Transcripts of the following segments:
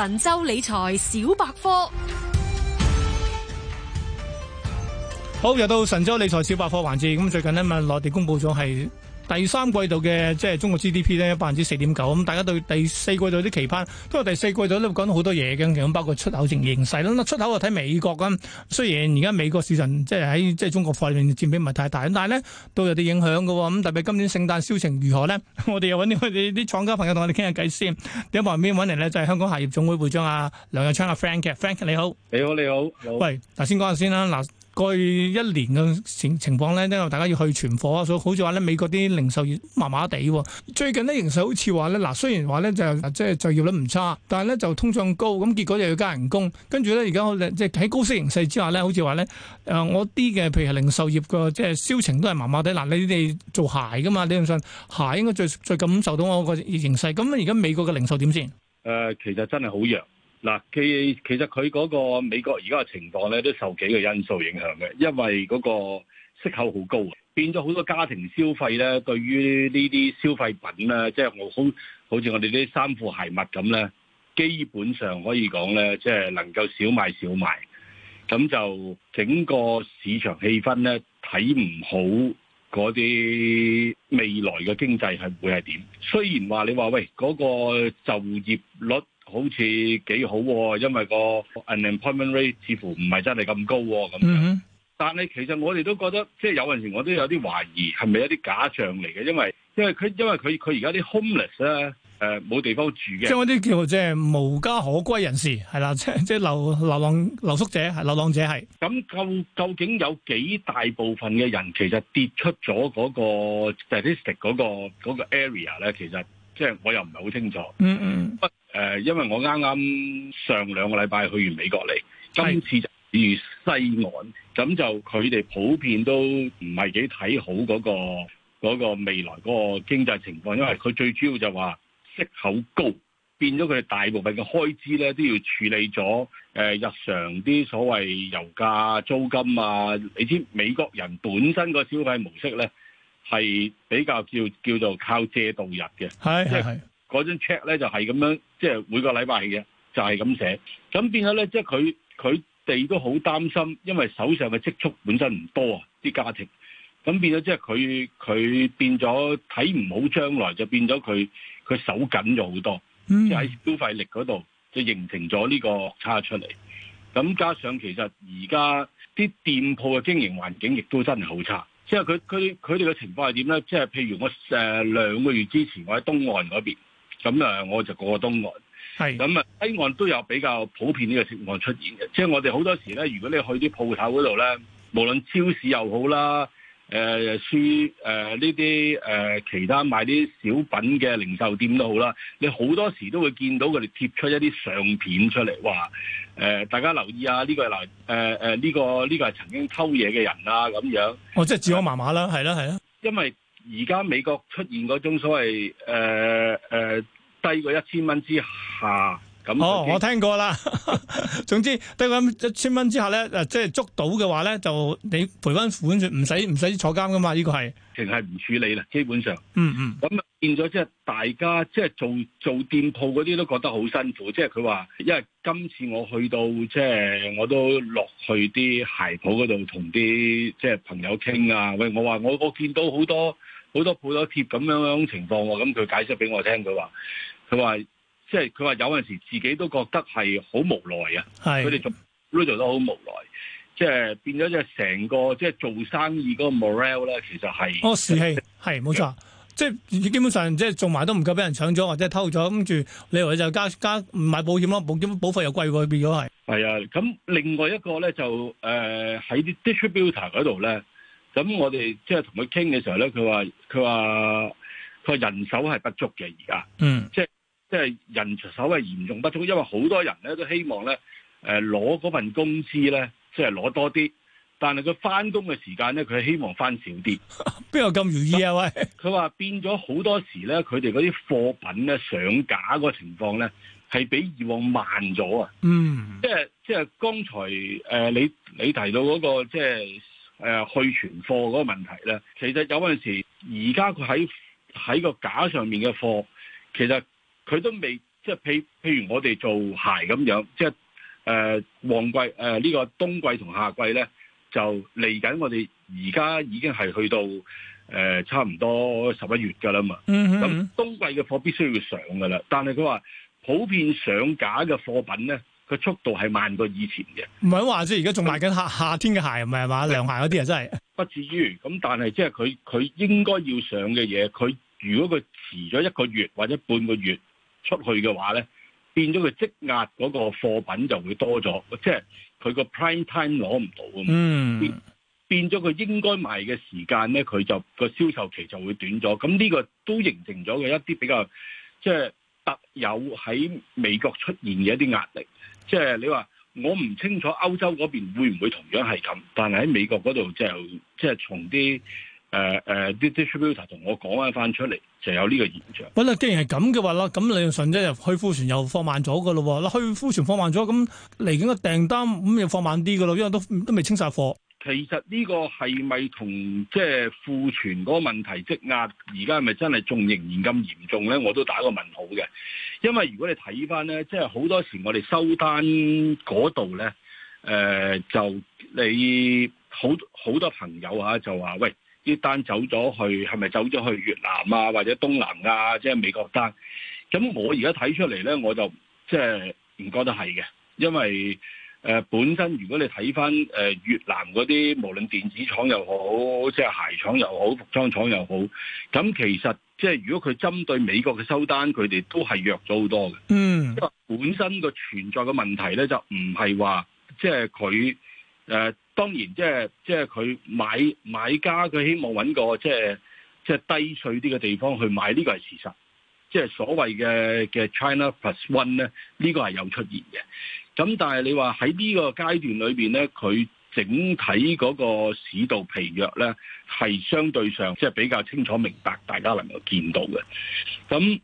神州理財小百科，好，又到神州理財小百科環節。咁最近呢，咪內地公布咗係。第三季度嘅即係中國 GDP 咧百分之四點九，咁大家對第四季度有啲期盼，因為第四季度都講講到好多嘢嘅咁，包括出口形形勢啦，出口啊睇美國咁。雖然而家美國市場即係喺即係中國貨入面佔比唔係太大，但係咧都有啲影響㗎喎。咁特別今年聖誕銷情如何咧？ 我哋又搵啲我哋啲廠家朋友同我哋傾下偈先。點旁邊搵嚟咧就係、是、香港鞋業總會會長阿梁日昌阿、啊、Frank 嘅 Frank 你好，你好你好，你好，喂，嗱先講下先啦嗱。過去一年嘅情情況咧，因為大家要去存貨啊。所以好似話咧，美國啲零售業麻麻地。最近呢，形勢好似話咧，嗱，雖然話咧就即係就業率唔差，但係咧就通脹高，咁結果又要加人工。跟住咧，而家即係喺高息形勢之下咧，好似話咧，誒、呃，我啲嘅譬如係零售業嘅即係銷情都係麻麻地。嗱，你哋做鞋㗎嘛？你唔信鞋應該最最感受到我個形勢。咁而家美國嘅零售點先？誒、呃，其實真係好弱。嗱，其其實佢嗰個美國而家嘅情況咧，都受幾個因素影響嘅，因為嗰個息口好高，變咗好多家庭消費咧，對於呢啲消費品咧，即係我好，好似我哋啲衫褲鞋襪咁咧，基本上可以講咧，即係能夠少買少買，咁就整個市場氣氛咧睇唔好嗰啲未來嘅經濟係會係點？雖然話你話喂，嗰個就業率。好似幾好、喎，因為個 unemployment rate 似乎唔係真係咁高咁、喎、樣。Mm-hmm. 但係其實我哋都覺得，即係有陣時我都有啲懷疑，係咪一啲假象嚟嘅？因為即因為佢因為佢佢而家啲 homeless 咧、呃，冇地方住嘅。即係嗰啲叫做即係無家可歸人士係啦，即係即係流流浪流宿者，流浪者係。咁究究竟有幾大部分嘅人其實跌出咗嗰個 statistic 嗰、嗰個嗰、嗰個、area 咧？其實即係我又唔係好清楚。嗯嗯。誒，因為我啱啱上兩個禮拜去完美國嚟，今次就至西岸，咁就佢哋普遍都唔係幾睇好嗰個嗰個未來嗰個經濟情況，因為佢最主要就話息口高，變咗佢哋大部分嘅開支咧都要處理咗誒日常啲所謂油價、租金啊，你知美國人本身個消費模式咧係比較叫叫做靠借度日嘅，係係。是是是。嗰張 check 咧就係、是、咁樣，即、就、係、是、每個禮拜嘅就係、是、咁寫。咁變咗咧，即係佢佢哋都好擔心，因為手上嘅積蓄本身唔多啊，啲家庭。咁變咗即係佢佢變咗睇唔好將來，就變咗佢佢手緊咗好多，即係喺消費力嗰度就形成咗呢個差出嚟。咁加上其實而家啲店鋪嘅經營環境亦都真係好差，即係佢佢佢哋嘅情況係點咧？即、就、係、是、譬如我誒、啊、兩個月之前我喺東岸嗰邊。咁啊，我就過東岸，咁啊西岸都有比較普遍呢個情況出現嘅。即係我哋好多時咧，如果你去啲鋪頭嗰度咧，無論超市又好啦，誒、呃、書誒呢啲誒其他買啲小品嘅零售店都好啦，你好多時都會見到佢哋貼出一啲相片出嚟，話誒、呃、大家留意啊，呢、呢個係誒誒呢個呢、呢個係曾經偷嘢嘅人啊咁樣。哦，即、就、係、是、治安麻麻啦，係啦係啦。因為而家美國出現嗰種所謂誒、呃呃、低過一千蚊之下。哦，我聽過啦。 總之，得個一千蚊之下咧，即係捉到嘅話咧，就你賠翻款，唔使唔使坐監噶嘛？呢、呢個係，淨係唔處理啦，基本上。嗯嗯。咁變咗即係大家即係、就是、做做店鋪嗰啲都覺得好辛苦。即係佢話，因為今次我去到即係、就是、我都落去啲鞋鋪嗰度同啲即係朋友傾啊。喂，我話我我見到好多好多鋪頭貼咁樣樣情況喎。咁佢解釋俾我聽，佢話佢話。即係佢話有陣時候自己都覺得係好無奈啊！佢哋做 radio 呢度都好無奈，即係、就是、變咗即係成整個即係、就是、做生意嗰個 morale 咧，其實係哦士氣係冇錯，即、嗯、係、就是、基本上即係、就是、做埋都唔夠，俾人搶咗或者偷咗，跟住你話就加加，加買保險咯，保險保費又貴過變咗係係啊！咁另外一個咧就誒喺啲 distributor 嗰度咧，咁我哋即係同佢傾嘅時候咧，佢話佢話佢話人手係不足嘅而家，嗯，即、就、係、是。即係人手係嚴重不足，因為好多人咧都希望咧，誒攞嗰份工資咧，即係攞多啲，但係佢翻工嘅時間咧，佢希望翻少啲，邊有咁容易啊？喂！佢話變咗好多時咧，佢哋嗰啲貨品咧上架嗰個情況咧，係比以往慢咗啊！嗯，即係即係剛才誒、呃、你你提到嗰、那個即係誒、呃、去存貨嗰個問題咧，其實有陣時而家佢喺喺個架上面嘅貨，其實。佢都未即係譬譬如我哋做鞋咁樣，即係誒、呃、旺季誒呢、呃這個冬季同夏季咧，就嚟緊。我哋而家已經係去到誒、呃、差唔多十一月㗎啦嘛。咁、嗯、冬季嘅貨必須要上㗎啦。但係佢話普遍上架嘅貨品咧，佢速度係慢過以前嘅。唔係話即係而家仲賣緊夏夏天嘅鞋唔係嘛，涼鞋嗰啲啊，真係不至於。咁但係即係佢佢應該要上嘅嘢，佢如果佢遲咗一個月或者半個月，出去嘅話咧，變咗佢積壓嗰個貨品就會多咗，即係佢個 prime time 攞唔到啊！變變咗佢應該賣嘅時間咧，佢就個銷售期就會短咗。咁呢個都形成咗嘅一啲比較即係特有喺美國出現嘅一啲壓力。即係你話我唔清楚歐洲嗰邊會唔會同樣係咁，但係喺美國嗰度即係從啲。誒、呃、誒，啲 distributor 同我講翻翻出嚟，就有呢個現象。不啊，既然係咁嘅話啦，咁嚟緊船即係去庫存又放慢咗噶咯。嗱，去庫存放慢咗，咁嚟緊個訂單咁又放慢啲噶咯因為都都未清晒貨。其實呢個係咪同即係庫存嗰個問題積壓，而家係咪真係仲仍然咁嚴重咧？我都打個問號嘅。因為如果你睇翻咧，即係好多時我哋收單嗰度咧，誒、呃，就你好好多朋友吓、啊、就話喂。啲 單走咗去係咪走咗去越南啊，或者東南亞即係美國單？咁我而家睇出嚟咧，我就即係唔覺得係嘅，因為誒、呃、本身如果你睇翻越南嗰啲，無論電子廠又好，即、就、係、是、鞋廠又好，服裝廠又好，咁其實即係、就是、如果佢針對美國嘅收單，佢哋都係弱咗好多嘅。嗯、mm.，因為本身個存在嘅問題咧，就唔係話即係佢。就是誒，當然即係即係佢買買家佢希望揾個即係即係低稅啲嘅地方去買，呢個係事實，即係所謂嘅嘅 China Plus One 咧，呢個係有出現嘅。咁但係你話喺呢個階段裏邊咧，佢整體嗰個市道疲弱咧，係相對上即係比較清楚明白，大家能夠見到嘅。咁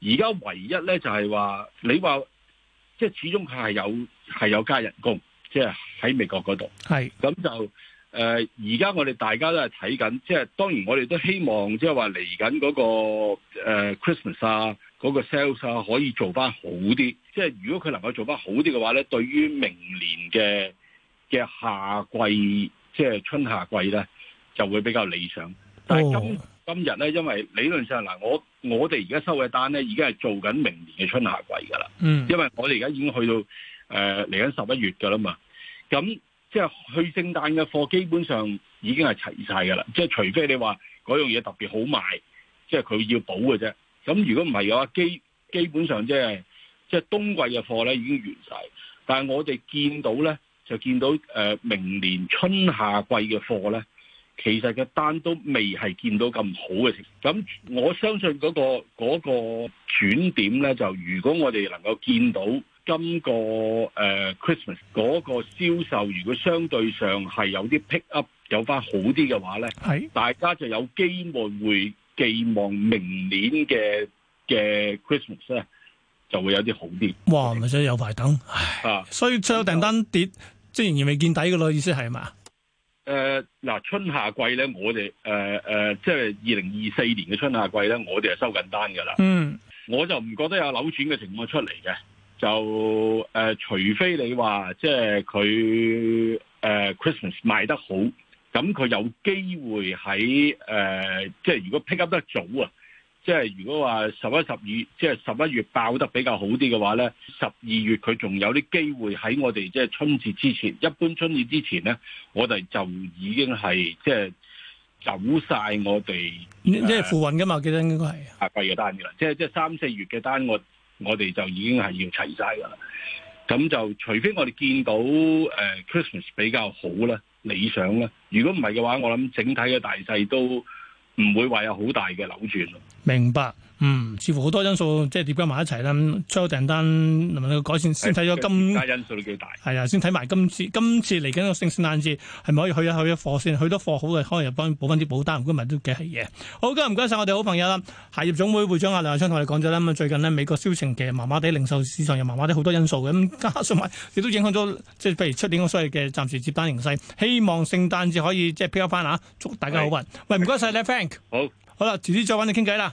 而家唯一咧就係話，你話即係始終佢係有係有加人工。即係喺美國嗰度，係咁就誒，而家我哋大家都係睇緊，即係當然我哋都希望，即係話嚟緊嗰個誒 Christmas 啊，嗰個 sales 啊，可以做翻好啲。即係如果佢能夠做翻好啲嘅話咧，對於明年嘅嘅夏季，即係春夏季咧，就會比較理想。哦、但係今今日咧，因為理論上嗱，我我哋而家收嘅單咧，已經係做緊明年嘅春夏季噶啦。嗯，因為我哋而家已經去到。誒、呃，嚟緊十一月噶啦嘛，咁即係去聖誕嘅貨基本上已經係齊晒噶啦，即係除非你話嗰樣嘢特別好賣，即係佢要補嘅啫。咁如果唔係嘅話，基基本上即係即係冬季嘅貨咧已經完晒。但係我哋見到咧，就見到誒明年春夏季嘅貨咧，其實嘅單都未係見到咁好嘅情況。咁我相信嗰個嗰個轉點咧，就如果我哋能夠見到。今個誒、呃、Christmas 嗰個銷售，如果相對上係有啲 pick up，有翻好啲嘅話咧，係大家就有機會會寄望明年嘅嘅 Christmas 咧，就會有啲好啲。哇，咪即係有排等啊！所以出口訂單跌，即係仍然未見底噶咯，意思係嘛？誒、呃，嗱、呃，春夏季咧，我哋誒誒，即係二零二四年嘅春夏季咧，我哋係收緊單噶啦。嗯，我就唔覺得有扭轉嘅情況出嚟嘅。就誒、呃，除非你話即係佢誒 Christmas 賣得好，咁佢有機會喺誒、呃，即係如果 pick up 得早啊，即係如果話十一、十二，即係十一月爆得比較好啲嘅話咧，十二月佢仲有啲機會喺我哋即係春節之前，一般春節之前咧，我哋就已經係即係走晒我哋，即係付運噶嘛，記得應該係啊，下季嘅單嘅啦，即係即係三四月嘅單我。我哋就已經係要齊晒噶啦，咁就除非我哋見到誒 Christmas 比較好啦，理想啦。如果唔係嘅話，我諗整體嘅大勢都唔會話有好大嘅扭轉咯。明白。嗯，似乎好多因素即係疊加埋一齊啦。出口訂單能唔能夠改善，先睇咗今因素都幾大。係啊，先睇埋今次今次嚟緊個聖誕節係咪可以去一去一貨先？去多貨好嘅，可能又幫補翻啲補單，唔該，唔係都幾係嘢。好，今日唔該晒我哋好朋友啦，鞋業總會會長阿梁日昌同你講咗啦。咁最近呢，美國銷情其實麻麻地，零售市場又麻麻地，好多因素嘅。咁加上埋亦都影響咗，即係譬如出年所謂嘅暫時接單形勢。希望聖誕節可以即係 pick 翻啊！祝大家好運。喂，唔該晒你，Frank。好，好啦，遲啲再揾你傾偈啦。